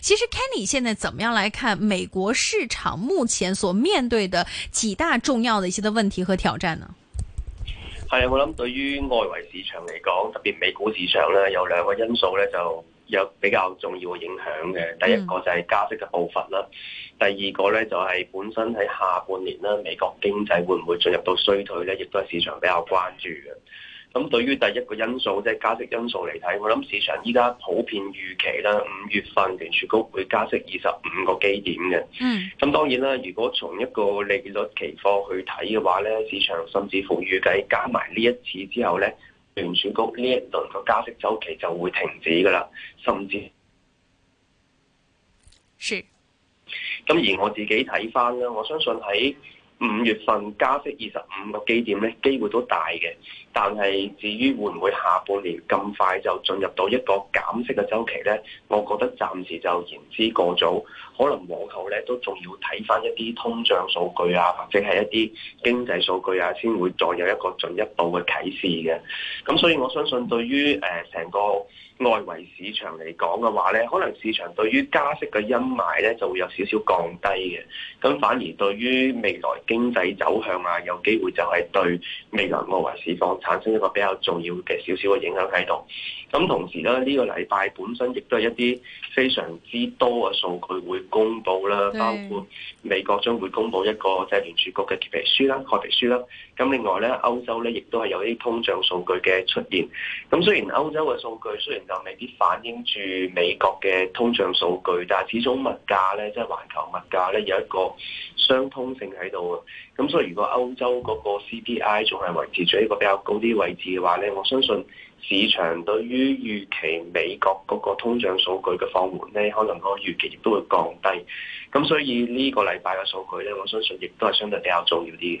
其實 Kenny 現在怎麼樣來看美國市場目前所面對的幾大重要的一些的問題和挑戰呢？係啊，我諗對於外圍市場嚟講，特別美股市場咧，有兩個因素咧就有比較重要嘅影響嘅。第一個就係加息嘅步伐啦，嗯、第二個咧就係本身喺下半年啦，美國經濟會唔會進入到衰退咧，亦都係市場比較關注嘅。咁對於第一個因素，即係加息因素嚟睇，我諗市場依家普遍預期啦，五月份聯儲局會加息二十五個基點嘅。嗯。咁當然啦，如果從一個利率期貨去睇嘅話咧，市場甚至乎預計加埋呢一次之後咧，聯儲局呢一輪個加息周期就會停止噶啦，甚至。是。咁而我自己睇翻啦，我相信喺五月份加息二十五個基點咧，機會都大嘅。但係，至於會唔會下半年咁快就進入到一個減息嘅周期呢？我覺得暫時就言之過早，可能往後呢都仲要睇翻一啲通脹數據啊，或者係一啲經濟數據啊，先會再有一個進一步嘅啟示嘅。咁所以我相信對於，對於誒成個外圍市場嚟講嘅話呢，可能市場對於加息嘅陰霾呢就會有少少降低嘅。咁反而對於未來經濟走向啊，有機會就係對未來外圍市況。產生一個比較重要嘅小小嘅影響喺度。咁同時咧，呢個禮拜本身亦都係一啲非常之多嘅數據會公布啦，對包括美國將會公布一個即係聯儲局嘅決議書啦、確定書啦。咁另外咧，歐洲咧亦都係有啲通脹數據嘅出現。咁雖然歐洲嘅數據雖然就未必反映住美國嘅通脹數據，但係始終物價咧，即係環球物價咧有一個相通性喺度。啊。咁所以如果歐洲嗰個 CPI 仲係維持住一個比較高啲位置嘅話咧，我相信。市場對於預期美國嗰個通脹數據嘅放緩呢，可能個預期亦都會降低。咁所以呢個禮拜嘅數據呢，我相信亦都係相對比較重要啲嘅。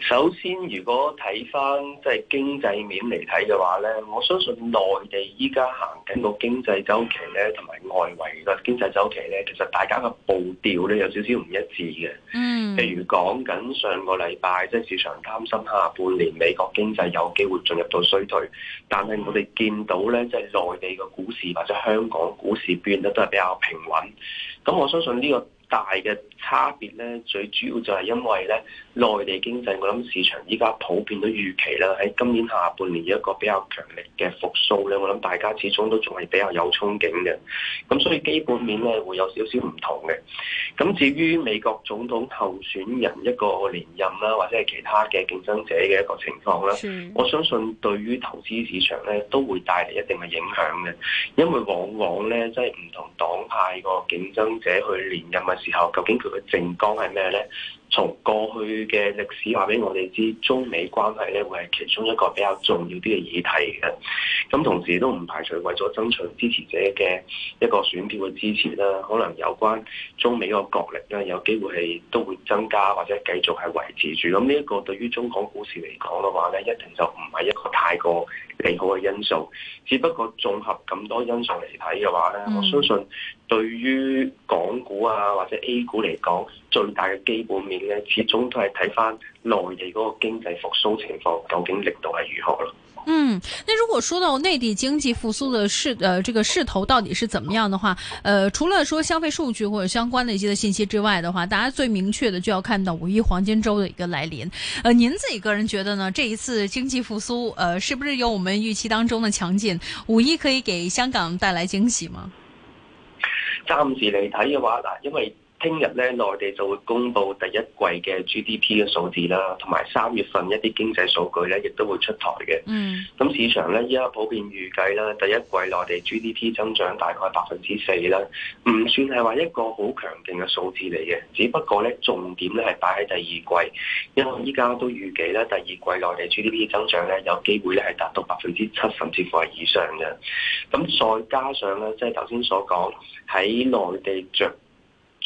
首先，如果睇翻即係經濟面嚟睇嘅話咧，我相信內地依家行緊個經濟周期咧，同埋外圍個經濟周期咧，其實大家嘅步調咧有少少唔一致嘅。嗯，譬如講緊上個禮拜，即係市場擔心下半年美國經濟有機會進入到衰退，但係我哋見到咧，即係內地嘅股市或者香港股市變得都係比較平穩。咁我相信呢個大嘅差別咧，最主要就係因為咧。內地經濟，我諗市場依家普遍都預期啦，喺今年下半年有一個比較強力嘅復甦咧。我諗大家始終都仲係比較有憧憬嘅，咁所以基本面咧會有少少唔同嘅。咁至於美國總統候選人一個連任啦，或者係其他嘅競爭者嘅一個情況啦，我相信對於投資市場咧都會帶嚟一定嘅影響嘅，因為往往咧即係唔同黨派個競爭者去連任嘅時候，究竟佢嘅政綱係咩咧？從過去嘅歷史話俾我哋知，中美關係咧會係其中一個比較重要啲嘅議題嘅。咁同時都唔排除為咗爭取支持者嘅一個選票嘅支持啦。可能有關中美個角力咧，有機會係都會增加或者繼續係維持住。咁呢一個對於中港股市嚟講嘅話咧，一定就唔係一個太過利好嘅因素。只不過綜合咁多因素嚟睇嘅話咧，我相信，對於港股啊或者 A 股嚟講，最大嘅基本面呢，始終都係睇翻內地嗰個經濟復甦情況，究竟力度係如何啦？嗯，那如果說到內地經濟復甦的勢，呃，這個勢頭到底是怎麼樣的話，呃，除了說消費數據或者相關的一些信息之外的話，大家最明確的就要看到五一黃金周的一個來臨。呃，您自己個人覺得呢？這一次經濟復蘇，呃，是不是有我們預期當中的強勁？五一可以給香港帶來驚喜嗎？暫時嚟睇嘅話，嗱，因為，聽日咧，內地就會公布第一季嘅 GDP 嘅數字啦，同埋三月份一啲經濟數據咧，亦都會出台嘅。咁、mm. 市場咧依家普遍預計啦，第一季內地 GDP 增長大概百分之四啦，唔算係話一個好強勁嘅數字嚟嘅。只不過咧，重點咧係擺喺第二季，因為依家都預計咧，第二季內地 GDP 增長咧有機會咧係達到百分之七甚至乎係以上嘅。咁再加上咧，即係頭先所講喺內地着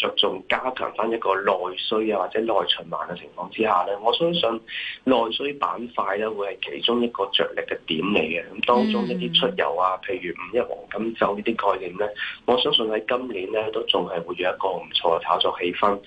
着重加強翻一個內需啊，或者內循環嘅情況之下咧，我相信內需板塊咧會係其中一個着力嘅點嚟嘅。咁當中一啲出遊啊，譬如五一黃金周呢啲概念咧，我相信喺今年咧都仲係會有一個唔錯嘅炒作氣氛。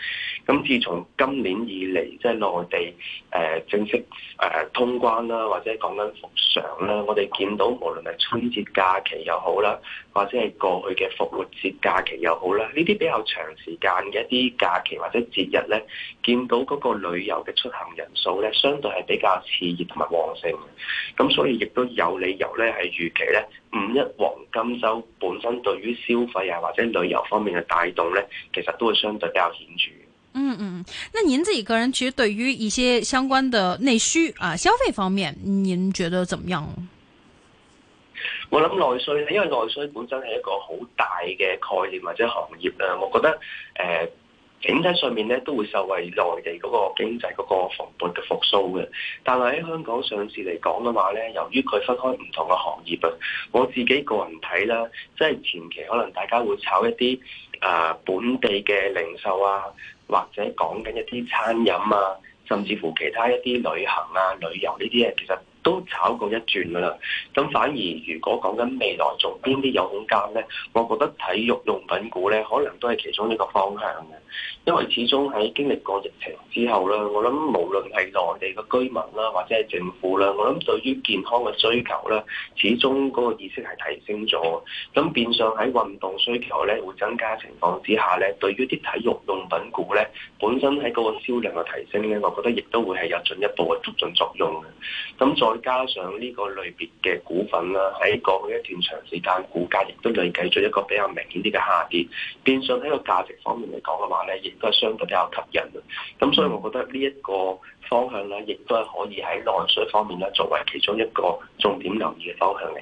咁自從今年以嚟，即係內地誒正式誒通關啦，或者講緊復常啦，我哋見到無論係春節假期又好啦。或者係過去嘅復活節假期又好啦，呢啲比較長時間嘅一啲假期或者節日咧，見到嗰個旅遊嘅出行人數咧，相對係比較熾熱同埋旺盛嘅。咁所以亦都有理由咧，係預期咧五一黃金週本身對於消費啊或者旅遊方面嘅帶動咧，其實都會相對比較顯著。嗯嗯，那您自己個人其實對於一些相關的內需啊消費方面，您覺得點樣？我諗內需咧，因為內需本身係一個好大嘅概念或者行業啦。我覺得誒，整體上面咧都會受惠內地嗰個經濟嗰個蓬勃嘅復蘇嘅。但係喺香港上市嚟講嘅話咧，由於佢分開唔同嘅行業啊，我自己個人睇啦，即係前期可能大家會炒一啲啊、呃、本地嘅零售啊，或者講緊一啲餐飲啊，甚至乎其他一啲旅行啊、旅遊呢啲嘢，其實。都炒過一轉㗎喇，咁反而如果講緊未來仲邊啲有空間呢？我覺得體育用品股呢，可能都係其中一個方向嘅。因為始終喺，經歷過疫情之後咧，我諗無論係內地嘅居民啦，或者係政府啦，我諗對於健康嘅需求咧，始終嗰個意識係提升咗。咁變相喺運動需求咧會增加情況之下咧，對於啲體育用品股咧，本身喺嗰個銷量嘅提升咧，我覺得亦都會係有進一步嘅促進作用嘅。咁再加上呢個類別嘅股份啦，喺過去一段長時間股價亦都累計咗一個比較明顯啲嘅下跌，變相喺個價值方面嚟講嘅話，亦都係相對比較吸引嘅，咁所以我覺得呢一個方向咧，亦都係可以喺內需方面咧，作為其中一個重點留意嘅方向嚟。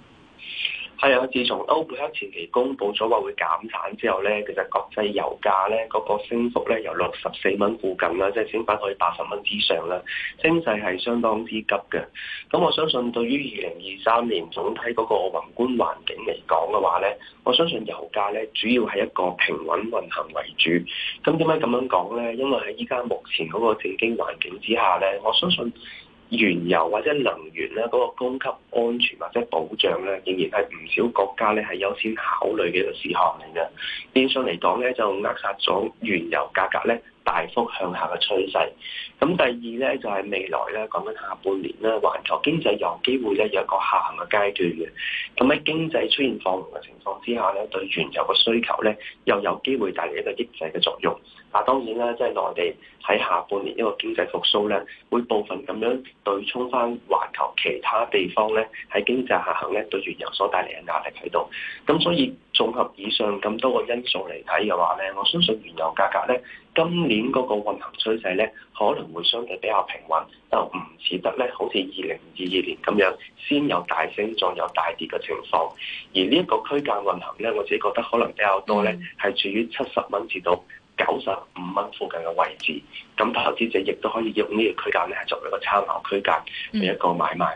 係啊，自從歐佩克前期公布咗話會減產之後咧，其實國際油價咧嗰個升幅咧由六十四蚊附近啦，即係升翻去八十蚊之上啦，升勢係相當之急嘅。咁我相信對於二零二三年總體嗰個宏觀環境嚟講嘅話咧，我相信油價咧主要係一個平穩運行為主。咁點解咁樣講咧？因為喺依家目前嗰個政經環境之下咧，我相信。原油或者能源咧嗰個供給安全或者保障咧，仍然係唔少國家咧係優先考慮嘅一個事項嚟嘅。變相嚟講咧，就扼殺咗原油價格咧大幅向下嘅趨勢。咁第二咧就係、是、未來咧講緊下半年咧，環球經濟有機會咧有一個下行嘅階段嘅。咁喺經濟出現放緩嘅情況之下咧，對原油嘅需求咧又有機會帶嚟一個抑制嘅作用。嗱當然啦，即係內地喺下半年一個經濟復甦咧，會部分咁樣對沖翻環球其他地方咧喺經濟下行咧對原油所帶嚟嘅壓力喺度。咁所以綜合以上咁多個因素嚟睇嘅話咧，我相信原油價格咧今年嗰個運行趨勢咧可能會相對比，比較平穩，就唔似得咧好似二零二二年咁樣先有大升再有大跌嘅情況。而呢一個區間運行咧，我自己覺得可能比較多咧係處於七十蚊至到九十五蚊附近嘅位置，咁投資者亦都可以用呢個區間咧，作為一個參考區間嚟一個買賣。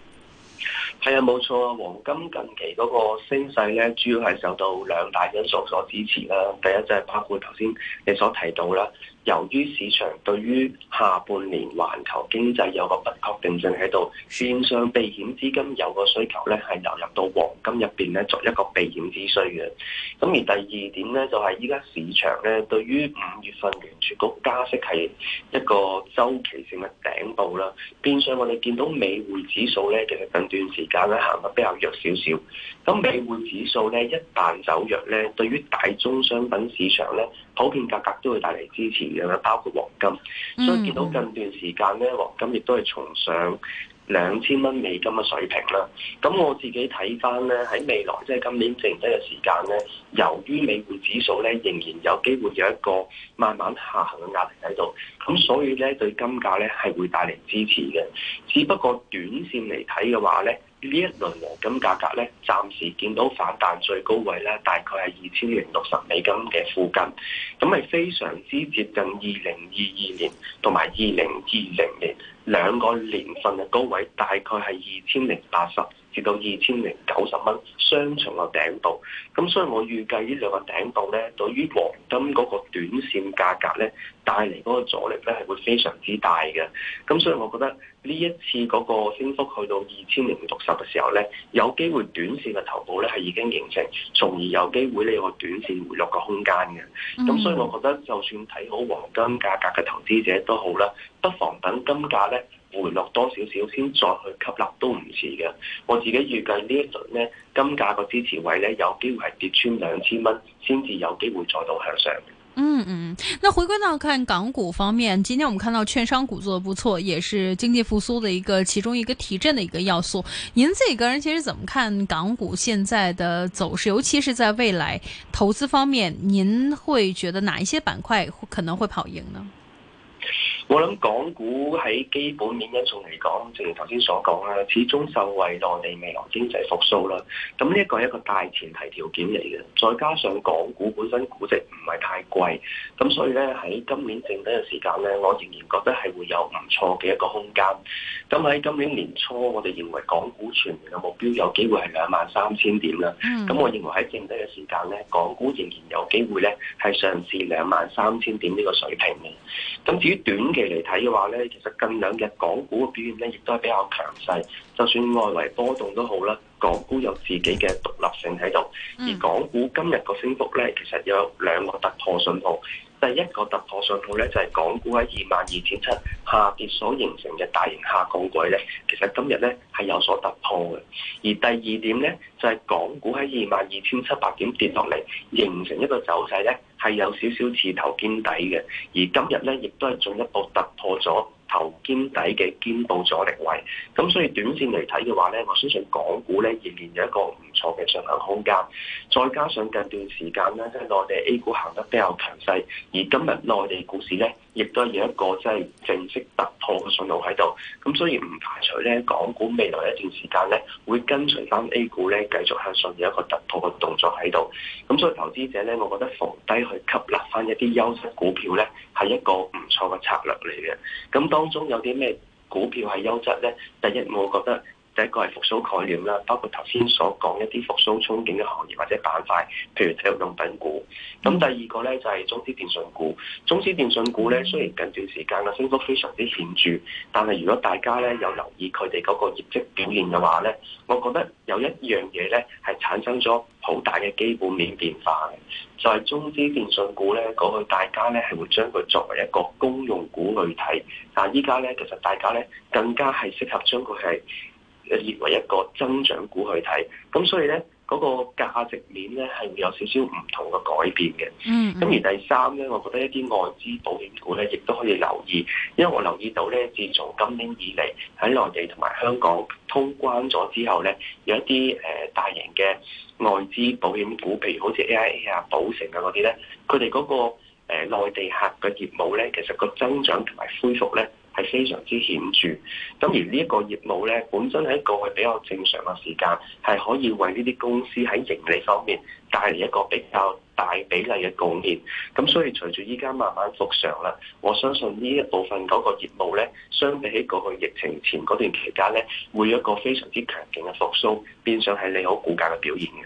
係啊，冇錯啊！黃金近期嗰個升勢咧，主要係受到兩大因素所支持啦。第一就係包括頭先你所提到啦。由於市場對於下半年環球經濟有個不確定性喺度，變相避險資金有個需求咧，係流入到黃金入邊咧，作一個避險之需嘅。咁而第二點咧，就係依家市場咧，對於五月份聯儲局加息係一個周期性嘅頂部啦。變相我哋見到美匯指數咧，其實近段時間咧行得比較弱少少。咁美匯指數咧一旦走弱咧，對於大宗商品市場咧。普遍價格都會帶嚟支持嘅啦，包括黃金，所以見到近段時間咧，黃金亦都係重上兩千蚊美金嘅水平啦。咁我自己睇返咧，喺未來即係今年剩低嘅時間咧，由於美匯指數咧仍然有機會有一個慢慢下行嘅壓力喺度，咁所以咧對金價咧係會帶嚟支持嘅。只不過短線嚟睇嘅話咧，呢一輪黃金價格咧暫時見到反彈最高位咧，大概係二千零六十美金嘅附近，咁係非常之接近二零二二年同埋二零二零年兩個年份嘅高位，大概係二千零八十，至到二千零九十蚊，雙重嘅頂度。咁所以我預計呢兩個頂度咧，對於黃金嗰個短線價格咧，帶嚟嗰個阻力咧係會非常之大嘅。咁所以我覺得呢一次嗰個升幅去到二千零六十嘅時候咧，有機會短線嘅頭部咧係已經形成，從而有機會呢個短線回落嘅空間嘅。咁所以我覺得就算睇好黃金價格嘅投資者都好啦，不妨等金價咧。回落多少少先再去吸納都唔遲嘅，我自己預計呢一輪咧，金價個支持位咧有機會係跌穿兩千蚊，先至有機會再度向上。嗯嗯，那回歸到看港股方面，今天我們看到券商股做得不錯，也是經濟復甦的一個其中一個提振的一個要素。您自己個人其實怎麼看港股現在的走勢，尤其是在未來投資方面，您會覺得哪一些板塊可能會跑贏呢？我諗港股喺基本面因素嚟講，正如頭先所講啦，始終受惠內地未來經濟復甦啦。咁呢一個係一個大前提條件嚟嘅，再加上港股本身估值唔係太貴，咁所以咧喺今年剩低嘅時間咧，我仍然覺得係會有唔錯嘅一個空間。咁喺今年年初，我哋認為港股全年嘅目標有機會係兩萬三千點啦。咁、mm. 我認為喺剩低嘅時間咧，港股仍然有機會咧係上試兩萬三千點呢個水平嘅。咁至於短近期嚟睇嘅話咧，其實近兩日港股嘅表現咧，亦都係比較強勢，就算外圍波動都好啦，港股有自己嘅獨立性喺度。而港股今日個升幅咧，其實有兩個突破信號。第一個突破信號咧，就係、是、港股喺二萬二千七下跌所形成嘅大型下降軌咧，其實今日咧係有所突破嘅。而第二點咧，就係、是、港股喺二萬二千七百點跌落嚟，形成一個走勢咧係有少少似頭肩底嘅，而今日咧亦都係進一步突破咗。頭肩底嘅肩部阻力位，咁所以短線嚟睇嘅話呢，我相信港股呢仍然有一個唔錯嘅上行空間，再加上近段時間呢，即係內地 A 股行得比較強勢，而今日內地股市呢。亦都有一個即係正式突破嘅信號喺度，咁所以唔排除咧，港股未來一段時間咧，會跟隨返 A 股咧繼續向上有一個突破嘅動作喺度。咁所以投資者咧，我覺得逢低去吸納返一啲優質股票咧，係一個唔錯嘅策略嚟嘅。咁當中有啲咩股票係優質咧？第一，我覺得。第一個係復甦概念啦，包括頭先所講一啲復甦憧憬嘅行業或者板塊，譬如體育用品股。咁、嗯、第二個咧就係、是、中資電信股。中資電信股咧雖然近段時間嘅升幅非常之顯著，但係如果大家咧有留意佢哋嗰個業績表現嘅話咧，我覺得有一樣嘢咧係產生咗好大嘅基本面變化嘅。就係、是、中資電信股咧，過去大家咧係會將佢作為一個公用股嚟睇，但係依家咧其實大家咧更加係適合將佢係。列為一個增長股去睇，咁所以咧嗰、嗰個價值面咧係會有少少唔同嘅改變嘅。咁、嗯嗯、而第三咧，我覺得一啲外資保險股咧，亦都可以留意，因為我留意到咧，自從今年以嚟喺內地同埋香港通關咗之後咧，有一啲誒大型嘅外資保險股，譬如好似 AIA 啊、保誠啊嗰啲咧，佢哋嗰個誒內地客嘅業務咧，其實個增長同埋恢復咧。係非常之顯著，咁而呢一個業務咧，本身喺過去比較正常嘅時間，係可以為呢啲公司喺盈利方面帶嚟一個比較大比例嘅貢獻。咁所以隨住依家慢慢復常啦，我相信呢一部分嗰個業務咧，相比起過去疫情前嗰段期間咧，會有一個非常之強勁嘅復甦，變相係利好股價嘅表現嘅。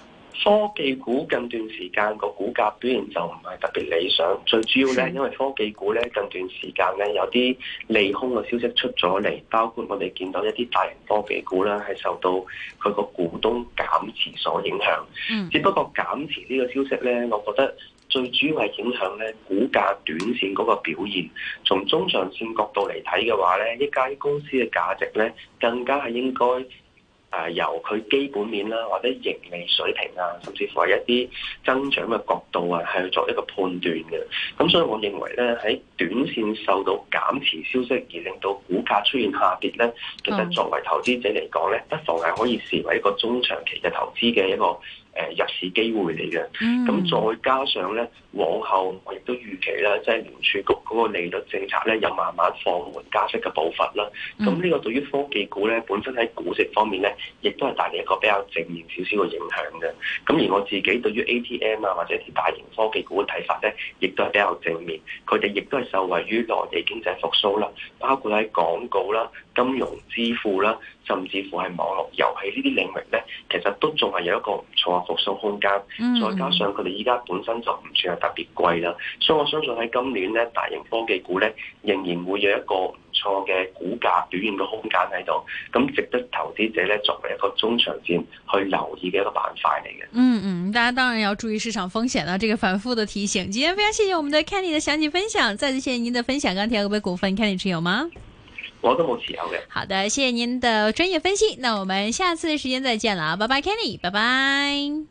科技股近段時間個股價表現就唔係特別理想，最主要咧，因為科技股咧近段時間咧有啲利空嘅消息出咗嚟，包括我哋見到一啲大型科技股啦，係受到佢個股東減持所影響，只不過減持呢個消息咧，我覺得最主要係影響咧股價短線嗰個表現，從中長線角度嚟睇嘅話咧，一間公司嘅價值咧更加係應該。誒、呃、由佢基本面啦，或者盈利水平啊，甚至乎係一啲增長嘅角度啊，係去做一個判斷嘅。咁所以，我認為咧，喺短綫受到減持消息而令到股價出現下跌咧，其實作為投資者嚟講咧，不妨係可以視為一個中長期嘅投資嘅一個。誒入市機會嚟嘅，咁、嗯、再加上咧，往後我亦都預期啦，即係聯儲局嗰個利率政策咧，又慢慢放緩加息嘅步伐啦。咁呢、嗯、個對於科技股咧，本身喺估值方面咧，亦都係帶嚟一個比較正面少少嘅影響嘅。咁而我自己對於 ATM 啊，或者啲大型科技股嘅睇法咧，亦都係比較正面。佢哋亦都係受惠於內地經濟復甦啦，包括喺廣告啦、金融支付啦，甚至乎係網絡遊戲呢啲領域咧，其實都仲係有一個唔錯復甦空間，嗯嗯，再加上佢哋依家本身就唔算係特別貴啦，所以我相信喺今年呢，大型科技股咧仍然會有一個唔錯嘅股價表現嘅空間喺度，咁值得投資者咧作為一個中長線去留意嘅一個板塊嚟嘅。嗯嗯，大家當然要注意市場風險啦。這個反復嘅提醒，今天非常謝謝我們對的 Kenny 的詳細分享，再次謝謝您的分享。剛提到一隻股份 Kenny 持有嗎？我都冇持有嘅。好的，謝謝您的專業分析。那我們下次時間再見啦，拜拜，Kenny，拜拜。